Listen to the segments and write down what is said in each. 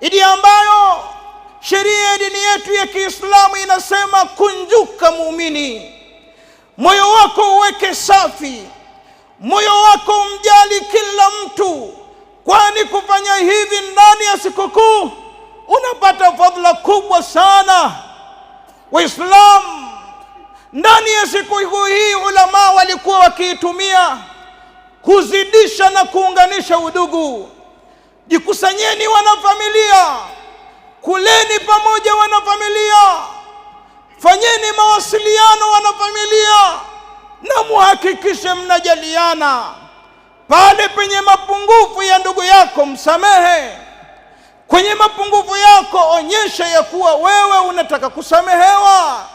Idi ambayo sheria ya dini yetu ya Kiislamu inasema kunjuka muumini, moyo wako uweke safi, moyo wako umjali kila mtu, kwani kufanya hivi ndani ya sikukuu unapata fadhila kubwa sana. Waislamu, ndani ya sikukuu hii ulama walikuwa wakiitumia kuzidisha na kuunganisha udugu Jikusanyeni wanafamilia, kuleni pamoja wanafamilia, fanyeni mawasiliano wanafamilia, na muhakikishe mnajaliana. Pale penye mapungufu ya ndugu yako msamehe, kwenye mapungufu yako onyesha ya kuwa wewe unataka kusamehewa.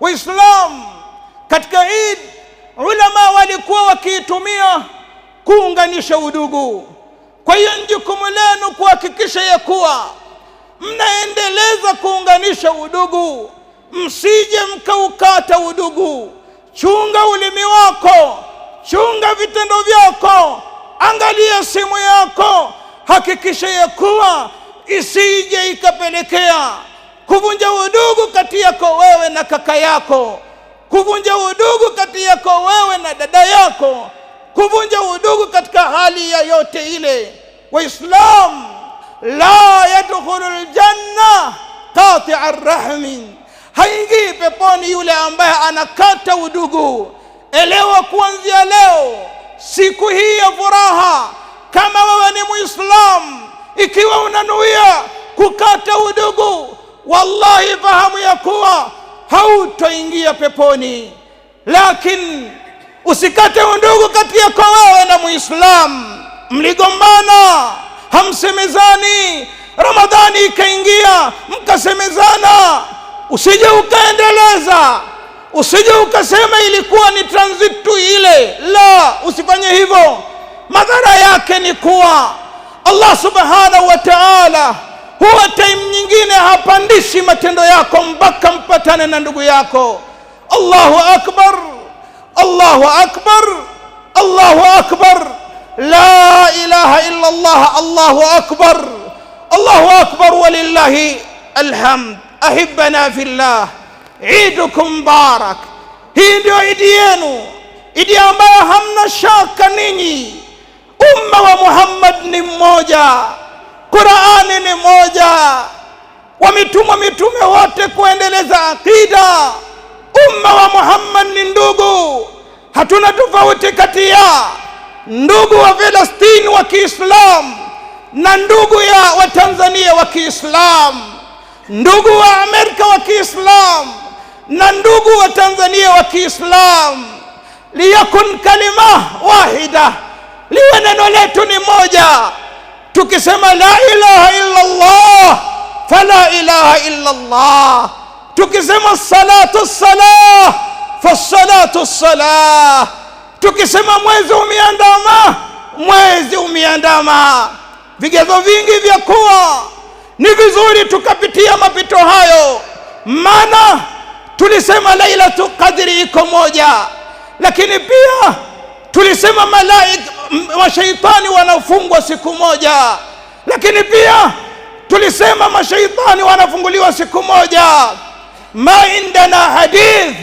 Waislamu katika Eid, ulama walikuwa wakiitumia kuunganisha udugu kwa hiyo ni jukumu lenu kuhakikisha ya kuwa mnaendeleza kuunganisha udugu, msije mkaukata udugu. Chunga ulimi wako, chunga vitendo vyako, angalia simu yako, hakikisha ya kuwa isije ikapelekea kuvunja udugu kati yako wewe na kaka yako, kuvunja udugu kati yako wewe na dada yako, kuvunja udugu katika hali ya yote ile waislam la yadkhulu ljanna qatia rahmi, haingii peponi yule ambaye anakata udugu. Elewa kuanzia leo, siku hii ya furaha, kama wewe ni Muislamu, ikiwa unanuia kukata udugu, wallahi fahamu ya kuwa hautoingia peponi, lakini usikate undugu kati yako wewe na Muislamu mligombana, hamsemezani. Ramadhani ikaingia mkasemezana, usije ukaendeleza, usije ukasema ilikuwa ni transit tu ile. La, usifanye hivyo. Madhara yake ni kuwa Allah subhanahu wa ta'ala huwa time nyingine hapandishi matendo yako mpaka mpatane na ndugu yako. Allahu akbar, Allahu akbar, Allahu akbar la ilaha illa Allah, Allahu akbar, Allahu akbar, walillahi alhamd. Ahibana fillah, idukum barak Hii ndio idi yenu, idi ambayo hamna shaka ninyi. Umma wa Muhammad ni mmoja, Qurani ni moja, wametumwa mitume wote kuendeleza aqida. Umma wa Muhammad ni ndugu, hatuna tofauti kati ya ndugu wa Palestini wa Kiislamu na ndugu ya Watanzania wa Kiislamu, ndugu wa Amerika wa Kiislamu na ndugu wa Tanzania wa Kiislamu, liyakun kalima wahida, liwe neno letu ni moja. Tukisema la ilaha illa Allah fala ilaha illa Allah, tukisema salatu salah fasalatu salah Tukisema mwezi umeandama, mwezi umeandama, vigezo vingi vya kuwa ni vizuri tukapitia mapito hayo, maana tulisema lailatu Qadri iko moja, lakini pia tulisema malaika mashaitani wanafungwa siku moja, lakini pia tulisema mashaitani wanafunguliwa siku moja. Ma indana hadith,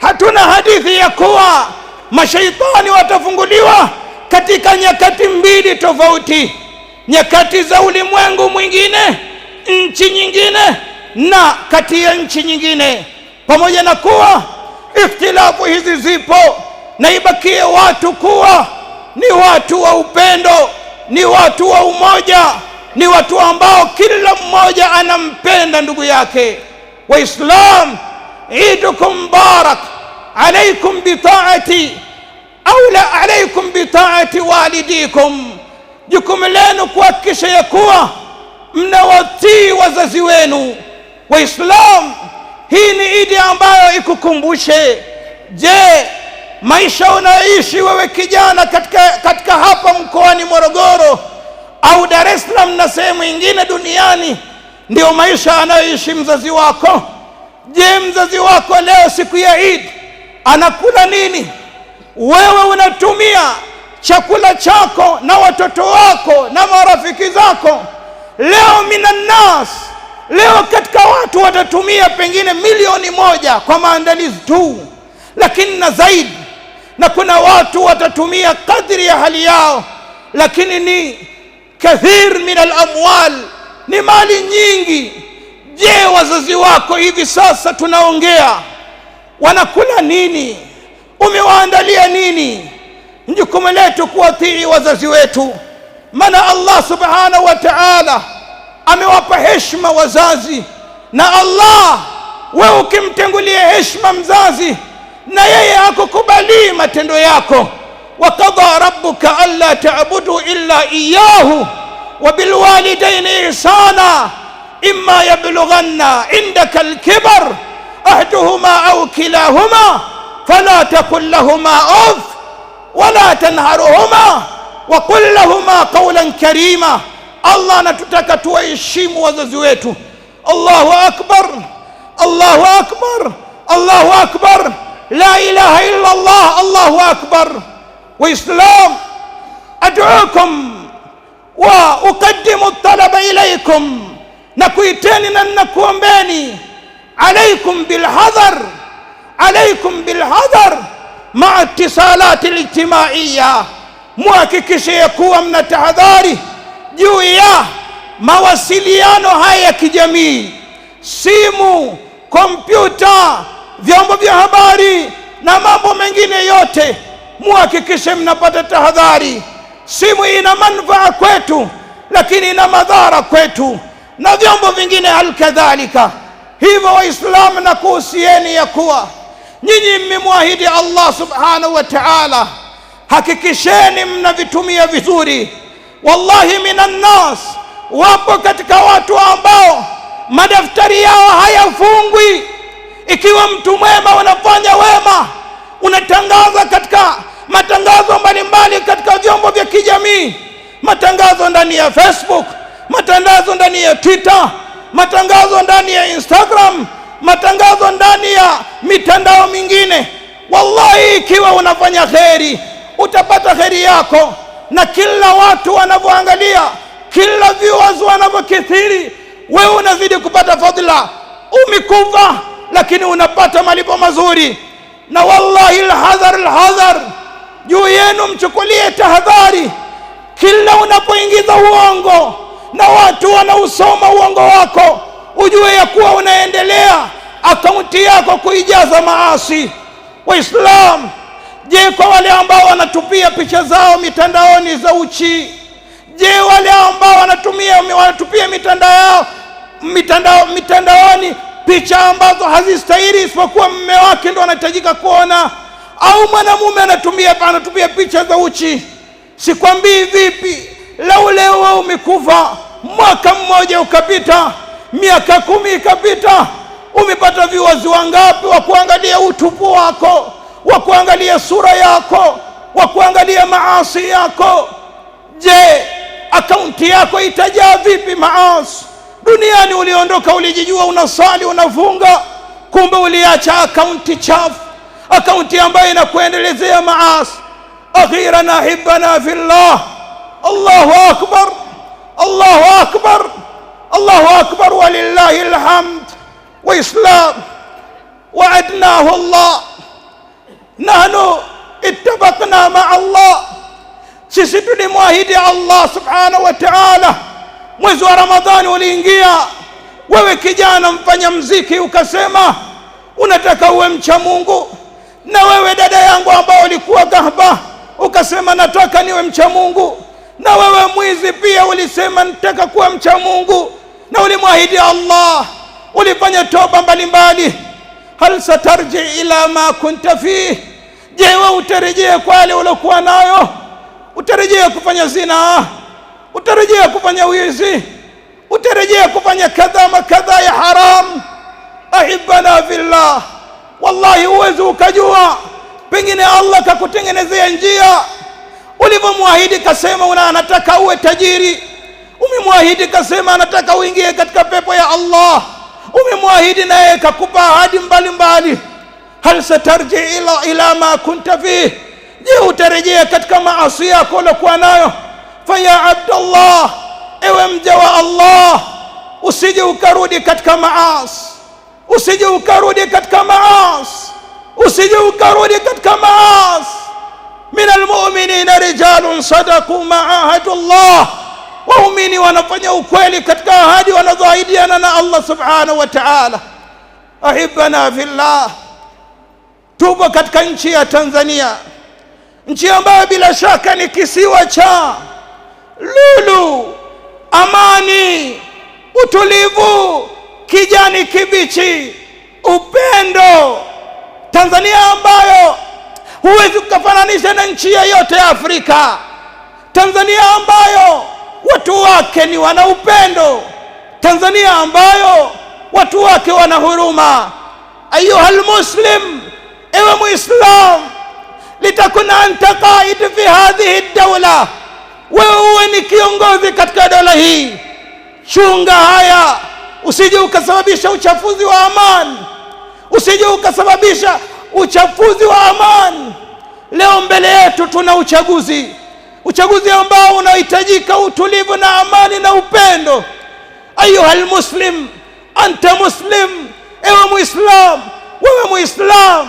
hatuna hadithi ya kuwa mashaitani watafunguliwa katika nyakati mbili tofauti, nyakati za ulimwengu mwingine, nchi nyingine, na kati ya nchi nyingine. Pamoja na kuwa ikhtilafu hizi zipo, na ibakie watu kuwa ni watu wa upendo, ni watu wa umoja, ni watu ambao kila mmoja anampenda ndugu yake. Waislam, idukum mubarak alaikum bitaati au la alaikum bitaati walidikum, jukumu lenu kuhakikisha ya kuwa mnawatii wazazi wenu. waislam hii ni idi ambayo ikukumbushe, je, maisha unayoishi wewe kijana katika, katika hapa mkoani Morogoro au Dar es Salaam na sehemu nyingine duniani ndio maisha anayoishi mzazi wako? Je, mzazi wako leo siku ya Idi anakula nini? Wewe unatumia chakula chako na watoto wako na marafiki zako. Leo minannas, leo katika watu watatumia pengine milioni moja kwa maandalizi tu, lakini na zaidi, na kuna watu watatumia kadri ya hali yao, lakini ni kathir min alamwal, ni mali nyingi. Je, wazazi wako hivi sasa tunaongea wanakula nini, umewaandalia nini? Ni jukumu letu kuwatii wazazi wetu, maana Allah subhanahu wa ta'ala amewapa heshima wazazi. Na Allah, wewe ukimtengulia heshima mzazi, na yeye hakukubalii matendo yako. wa qadha rabbuka alla ta'budu illa iyyahu wa bil ihsana imma yablughanna indaka alkibar احدهما او كلاهما فلا تقل لهما اف ولا تنهرهما وقل لهما قولا كريما الله نتتك تويشيم وززويت الله اكبر الله اكبر الله اكبر لا اله الا الله الله اكبر واسلام ادعوكم واقدم الطلب اليكم نكويتين ان نكون بيني alaikum bilhadhar, alaikum bilhadhar maa tisalati lijtimaiya, muhakikishe kuwa mna tahadhari juu ya mawasiliano haya ya kijamii, simu, kompyuta, vyombo vya habari na mambo mengine yote, muhakikishe mnapata tahadhari. Simu ina manufaa kwetu, lakini ina madhara kwetu, na vyombo vingine kadhalika Hivyo Waislamu, na kuhusieni ya kuwa nyinyi mmemwahidi Allah subhanahu wa ta'ala, hakikisheni mnavitumia vizuri. Wallahi, minan nas, wapo katika watu ambao madaftari yao hayafungwi. Ikiwa mtu mwema, unafanya wema, unatangaza katika matangazo mbalimbali katika vyombo vya kijamii, matangazo ndani ya Facebook, matangazo ndani ya Twitter matangazo ndani ya Instagram, matangazo ndani ya mitandao mingine. Wallahi, ikiwa unafanya kheri utapata kheri yako, na kila watu wanavyoangalia, kila viewers wanavyokithiri, wewe unazidi kupata fadhila. Umekufa lakini unapata malipo mazuri. Na wallahi, alhadhar alhadhar, juu yenu mchukulie tahadhari kila unapoingiza uongo na watu wanausoma uongo wako, ujue ya kuwa unaendelea akaunti yako kuijaza maasi. waislam je, kwa wale ambao wanatupia picha zao mitandaoni za uchi? Je, wale ambao wanatumia wanatupia mitandao yao mitandao mitandaoni picha ambazo hazistahili isipokuwa mume wake ndo anahitajika kuona, au mwanamume anatumia anatupia picha za uchi? Sikwambii vipi Lau leo wewe umekufa, mwaka mmoja ukapita, miaka kumi ikapita, umepata viwazi wangapi wa kuangalia utupu wako, wa kuangalia sura yako, wa kuangalia maasi yako? Je, akaunti yako itajaa vipi maasi? Duniani uliondoka, ulijijua unasali, unafunga, kumbe uliacha akaunti chafu, akaunti ambayo inakuendelezea maasi. Akhirana hibana fillah Allahu akbar, Allahu akbar, Allahu akbar, walillahi alhamd. Waislam waadnahu Allah, nahnu ittabaqna maa Allah, sisi tulimwahidi Allah subhanahu wa taala. Mwezi wa Ramadhani uliingia, wewe kijana mfanya mziki ukasema unataka uwe mcha Mungu, na wewe dada yangu ambao ulikuwa kahaba ukasema nataka niwe mcha Mungu. Na wewe mwizi pia ulisema nitaka kuwa mcha Mungu na ulimwahidi Allah, ulifanya toba mbalimbali. Hal satarji ila ma kunta fih, je, wewe utarejea kwa yale uliokuwa nayo? Utarejea kufanya zina? Utarejea kufanya wizi? Utarejea kufanya kadha makadha ya haram? Ahibana fillah, wallahi huwezi ukajua, pengine Allah kakutengenezea njia ulivyomwahidi kasema una anataka uwe tajiri, umemwahidi kasema anataka uingie katika pepo ya Allah, umemwahidi naye kakupa ahadi mbalimbali. hal satarji ila, ila ma kunta fih, je utarejea katika maasi yako uliokuwa nayo? Faya abdallah, ewe mja wa Allah, usije ukarudi katika maasi, usije ukarudi katika maasi, usije ukarudi katika maasi min almuminina rijalun sadaku maahadu llah, waumini wanafanya ukweli katika ahadi wanazoahidiana na Allah subhanahu wa taala. Ahibana fillah, tupo katika nchi ya Tanzania, nchi ambayo bila shaka ni kisiwa cha lulu, amani, utulivu, kijani kibichi, upendo, Tanzania ambayo Huwezi ukafananisha na nchi yoyote ya Afrika. Tanzania ambayo watu wake ni wana upendo, Tanzania ambayo watu wake wana huruma. Ayuhal muslim, ewe Muislam, litakun anta qaid fi hadhihi dawla, wewe uwe ni kiongozi katika dola hii. Chunga haya, usije ukasababisha uchafuzi wa amani, usije ukasababisha uchafuzi wa amani. Leo mbele yetu tuna uchaguzi, uchaguzi ambao unahitajika utulivu na amani na upendo. Ayuhal muslim anta muslim, ewe Muislam, wewe Muislam,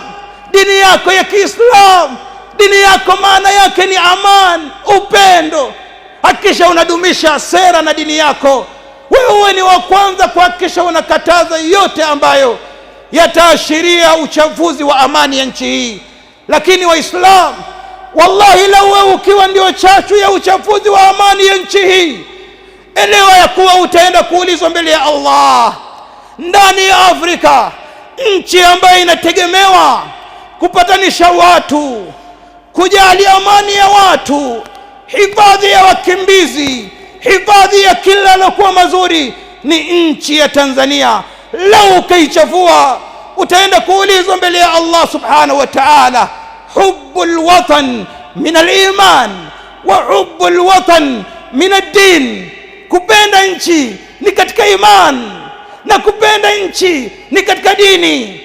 dini yako ya Kiislam, dini yako maana yake ni amani, upendo. Hakikisha unadumisha sera na dini yako, wewe uwe ni wa kwanza kuhakikisha unakataza yote ambayo yataashiria uchafuzi wa amani ya nchi hii. Lakini waislam wallahi, lau wewe ukiwa ndio chachu ya uchafuzi wa amani ya nchi hii, elewa ya kuwa utaenda kuulizwa mbele ya Allah. Ndani ya Afrika, nchi ambayo inategemewa kupatanisha watu, kujali amani ya watu, hifadhi ya wakimbizi, hifadhi ya kila lokuwa mazuri, ni nchi ya Tanzania. Lau ukaichafua utaenda kuulizwa mbele ya Allah subhanahu wa ta'ala. Hubbu lwatan min aliman wa hubbu lwatan min addin, kupenda nchi ni katika iman na kupenda nchi ni katika dini.